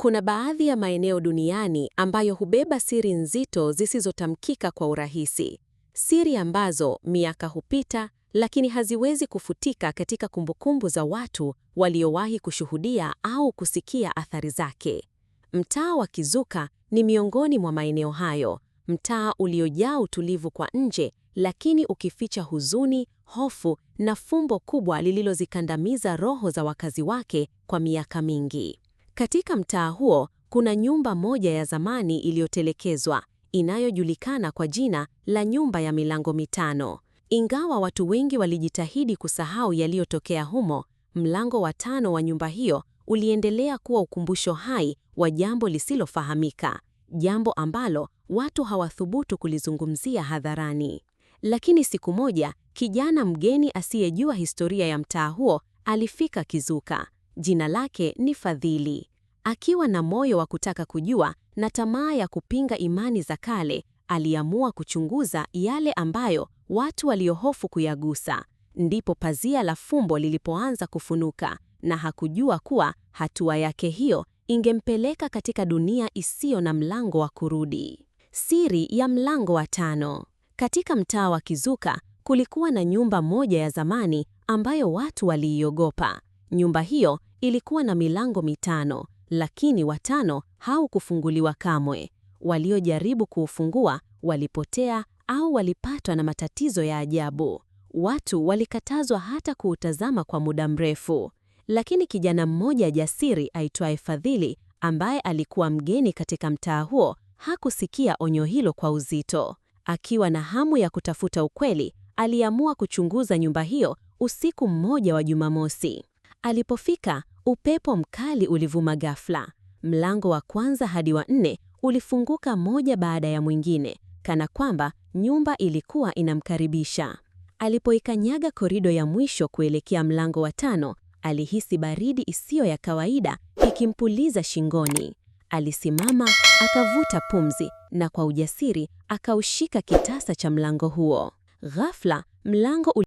Kuna baadhi ya maeneo duniani ambayo hubeba siri nzito zisizotamkika kwa urahisi, siri ambazo miaka hupita lakini haziwezi kufutika katika kumbukumbu za watu waliowahi kushuhudia au kusikia athari zake. Mtaa wa Kizuka ni miongoni mwa maeneo hayo, mtaa uliojaa utulivu kwa nje, lakini ukificha huzuni, hofu na fumbo kubwa lililozikandamiza roho za wakazi wake kwa miaka mingi. Katika mtaa huo kuna nyumba moja ya zamani iliyotelekezwa inayojulikana kwa jina la nyumba ya milango mitano. Ingawa watu wengi walijitahidi kusahau yaliyotokea humo, mlango wa tano wa nyumba hiyo uliendelea kuwa ukumbusho hai wa jambo lisilofahamika, jambo ambalo watu hawathubutu kulizungumzia hadharani. Lakini siku moja kijana mgeni asiyejua historia ya mtaa huo alifika kizuka. Jina lake ni Fadhili. Akiwa na moyo wa kutaka kujua na tamaa ya kupinga imani za kale, aliamua kuchunguza yale ambayo watu waliohofu kuyagusa. Ndipo pazia la fumbo lilipoanza kufunuka, na hakujua kuwa hatua yake hiyo ingempeleka katika dunia isiyo na mlango wa kurudi. Siri ya mlango wa tano. Katika mtaa wa Kizuka kulikuwa na nyumba moja ya zamani ambayo watu waliiogopa. Nyumba hiyo ilikuwa na milango mitano, lakini watano haukufunguliwa kamwe. Waliojaribu kuufungua walipotea au walipatwa na matatizo ya ajabu. Watu walikatazwa hata kuutazama kwa muda mrefu. Lakini kijana mmoja jasiri aitwaye Fadhili, ambaye alikuwa mgeni katika mtaa huo, hakusikia onyo hilo kwa uzito. Akiwa na hamu ya kutafuta ukweli, aliamua kuchunguza nyumba hiyo usiku mmoja wa Jumamosi. Alipofika, upepo mkali ulivuma ghafla. Mlango wa kwanza hadi wa nne ulifunguka moja baada ya mwingine, kana kwamba nyumba ilikuwa inamkaribisha. Alipoikanyaga korido ya mwisho kuelekea mlango wa tano, alihisi baridi isiyo ya kawaida ikimpuliza shingoni. Alisimama, akavuta pumzi na kwa ujasiri akaushika kitasa cha mlango huo. Ghafla mlango